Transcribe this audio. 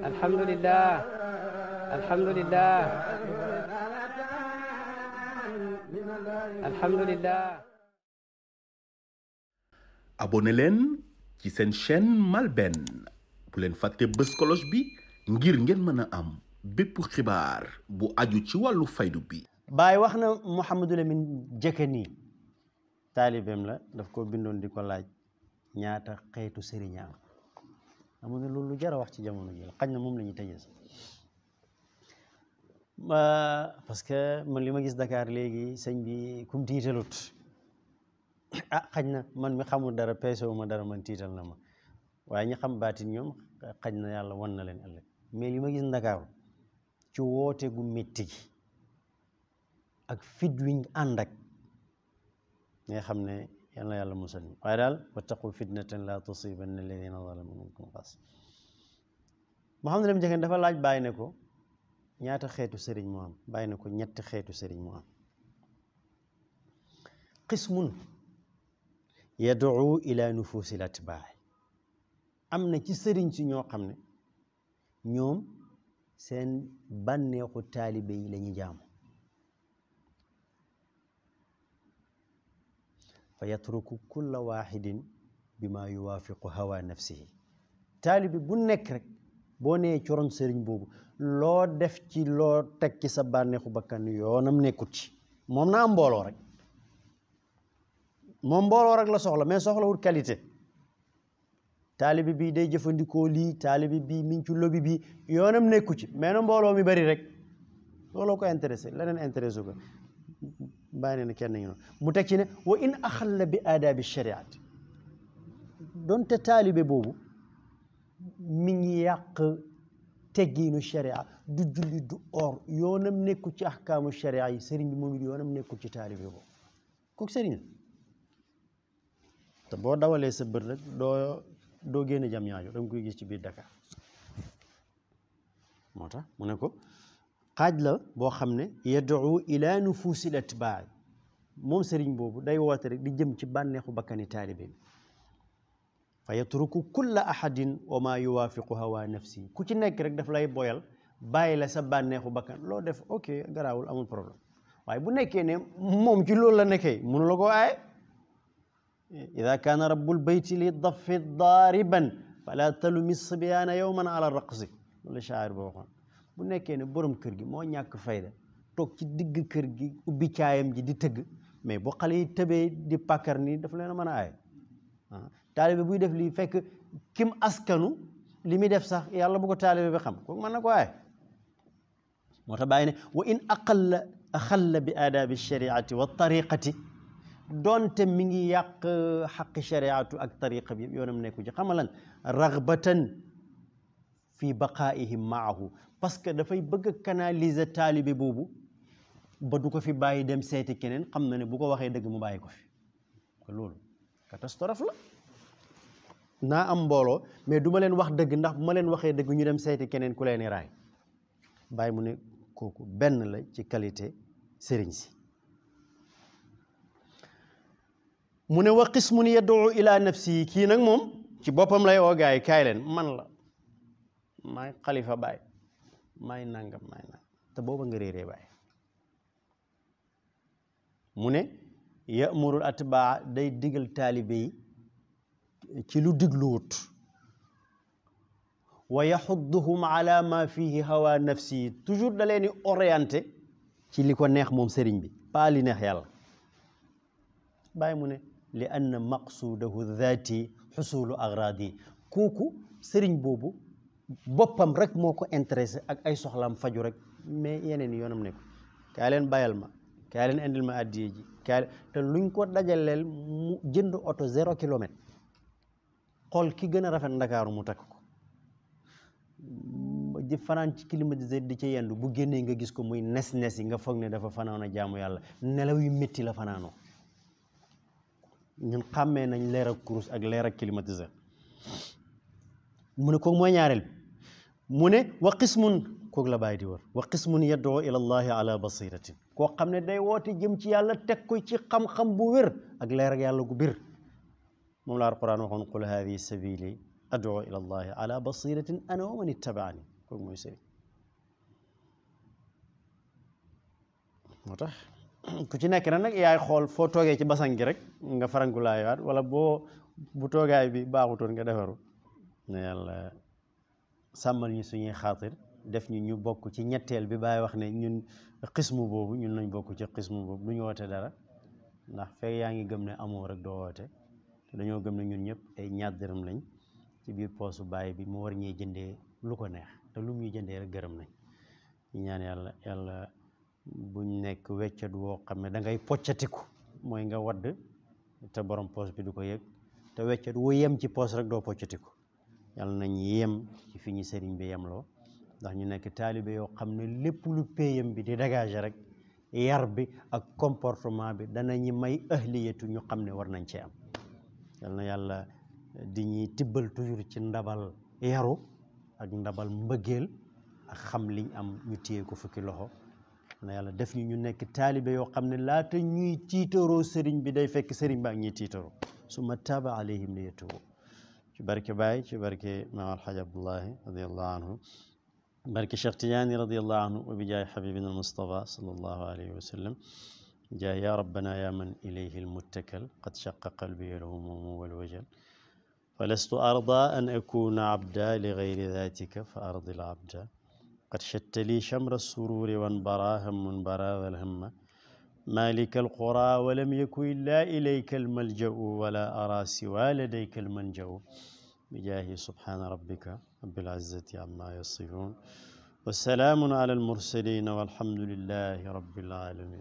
alhamdulilah alhamdulilah alhamdulilah. abonné leen ci seen chaîne MALBN bu leen fàtte bës cloche bi ngir ngeen mën a am bépp xibaar bu aju ci wàllu faydu bi. Baay wax na Mouhamadou Lamine Jëkkani taalibeem la daf ko bindoon di ko laaj. ñaata xeetu sëriñ am amu ne loolu lu jar a wax ci jamono ji xañ na moom la ñuy tëjee ma parce que man li ma gis Dakar léegi sëñ bi kum tiitalut a ah, xañ na man mi xamul dara peese wu ma dara man tiital na ma waaye ñi xam baatin ñoom xañ na yàlla wan na leen ëllëg mais li ma gis Ndakaaru ci woote gu métti gi ak fit wiñ ànd ak nga xam ne yal na yàlla musal ñu waaye daal wattaqu fitnatan la tusibanna alladina zalamu minkum xaas Muhammad dem jegeen dafa laaj bàyyi ne ko ñaata xeetu sëriñ mu am bàyyi ne ko ñetti xeetu sëriñ mu am qismun yad'u ila nufusil atbaa am na ci sëriñ si ñoo xam ne ñoom seen bànneexu taalibe yi la ñu jaamu fa yatruku kulla waxidin bi maa yuwaafiqu hawa nafsihi taalibi bu nekk rek boo nee coron sëriñ boobu loo def ci loo teg ci sa bànneexu bakkan yoonam nekkut ci moom naa am mbooloo rek moom mbooloo rek la soxla mais soxlawul qualité taalibi bi day jëfandikoo lii taalibi bi mi ngi ci bi yoonam nekku ci mais na mbooloo mi bari rek looloo ko intéressé leneen intéressé ko bàyyi nee na kenn ngi mu teg ci ne wa in axalla bi aadaabi shariat doonte taalibe boobu mi ngi yàq teggiinu sharia du julli du or yoonam nekkul ci ahkaamu sharia yi sëriñ bi moom it yoonam nekkul ci taalibe boobu kooku sëriñ la te boo dawalee sa bët rek doo doo génn jam ñaajo danga koy gis ci biir Dakar tax mu ne ko xaaj la boo xam ne yad'u ila nufuusil atbaar moom sëriñ boobu day woote rek di jëm ci bànneexu bakkani taalibe bi fa yatruku kulla ahadin wa ma hawa nafsi ku ci nekk rek daf lay boyal bàyyi la sa bànneexu bakkan loo def ok garaawul amul problème waaye bu nekkee ne moom ci loolu la nekkee mënu la koo aaye ida kaana rabbul bayti li dafi daariban fala talumi sibyaana yowman ala raqsi loolu shaar ba waxoon bu nekkee ne borom kër gi moo ñàkk fayda toog ci digg kër gi ubbi caayam ji di tëgg mais bu xale yi tëbee di pàkkar nii daf leen a mën a aaye ah, taalibe buy def lii fekk kim askanu li muy def sax yàlla bu ko taalibe bi xam ko mën na ko aaye moo tax bàyyi ne wa in aqalla axalla bi aadaabi shariati wa tariqati doonte mi ngi yàq xaqi shariatu ak tariqa bi yoonam nekku ci xamalan ragbatan fi baqaa'ihim maahu parce que dafay bëgg a canaliser taalibe boobu ba du ko fi bàyyi dem seeti keneen xam na ne bu ko waxee dëgg mu bàyyi ko fi ko loolu catastrophe la naa am mbooloo mais duma leen wax dëgg ndax bu ma leen waxee dëgg ñu dem seeti keneen ku leen raay bàyyi mu ne kooku benn la ci qualité sëriñ si mu ne wax wa qismun yad'u ila nafsi kii nag moom ci boppam lay oo gaay kaay leen man la maay xalifa baay maay nangam maay nangam te booba nga réeree baay mu ne yamurul atbaa day digal taalibe ci lu digluwut wa yaxudduhum ala ma fihi hawa nafsi yi toujours da orienté ci li ko neex moom sëriñ bi pas neex yàlla baay mu ne li anna maqsuudahu dhaati xusulu agradi kooku sëriñ boobu boppam rek moo ko intéressé ak ay soxlaam faju rek mais yeneen yoonam ne ko kaay leen ma kaay leen indil ma addiye ji kaay te luñ ko dajaleel mu jënd oto zéro kilomètre xool ki gën a rafet ndakaaru mu takk ko di fanaan ci climatisé di ci yendu bu génnee nga gis ko muy nes-nes yi nga foog ne dafa fanaan a jaamu yàlla nelaw yu métti la fanaanoo ñun xàmmee nañ leer kurus ak leer ak climatisé mu mooy ñaareel bi mu ne wa kook la bàyyi di wër wa qismun yadoo ila allahi ala basiratin koo xam ne day woote jëm ci yàlla teg ko ci xam-xam bu wér ak leer ak yàlla gu bir moom la alquran waxoon qul haadihi sabili adoo ila allahi ala ana wa man ittabaani mooy sëriñ tax ku ci nekk nag nag yaay xool foo toogee ci basan gi rek nga farangulaayaat wala boo bu toogaay bi baaxutoon nga defaru ne yàlla sàmmal ñi suñuy xaatir def ñu ñu bokk ci ñetteel bi bàyyi wax ne ñun xismu boobu ñun nañ bokk ci xismu boobu du ñu woote dara ndax fekk yaa ngi gëm ne amoo rek doo woote te dañoo gëm ne ñun ñëpp ay ñaar dërëm lañ ci biir poosu bàyyi bi mu war ñee jëndee lu ko neex te lu muy jëndee rek gërëm nañ ñaan yàlla yàlla buñ nekk weccat woo xam ne da ngay poccatiku mooy nga wadd te borom poos bi du ko yëg te weccat wu yem ci poos rek doo poccatiku yàlla nañ yem ci fi ñu sëriñ bi yem loo ndax ñu nekk taalibe yoo xam ne lépp lu péyam bi di dégager rek yar bi ak comportement bi danañu may ahliyatu ñu xam ne war nañ ci am yal na yàlla di ñuy tibbal toujours ci ndabal yaru ak ndabal mbëggeel ak xam liñ am ñu téye ko fukki loxo na yàlla def ñu ñu nekk taalibe yoo xam ne laata ñuy tiitaroo sëriñ bi day fekk sëriñ ba ak ñuy tiitaroo suma taaba alayhim liyatubu ci barke Baay ci barke maam alxaj abdullahi radiallahu anhu barki Cheikh Tijaani radiyallahu anhu wa bi jaay xabibina almustafa sallallahu alayhi wa sallam jaay yaa rabbana yaa man ilayhi almuttakal qad shaqa qalbi lahu mumu walwajal falastu arda an akuna abda li gayri datika fa ardi al abda qad shatta li shamra sururi wanbara hammun barada alhamma مالك القرى ولم يكن إلا إليك الملجأ ولا أرى سوى لديك المنجأ bijaahi subhaana rabbika rabbil izzati ammaa yasifuun wa salaamun alal mursaliin walhamdulillaahi rabbil aalamiin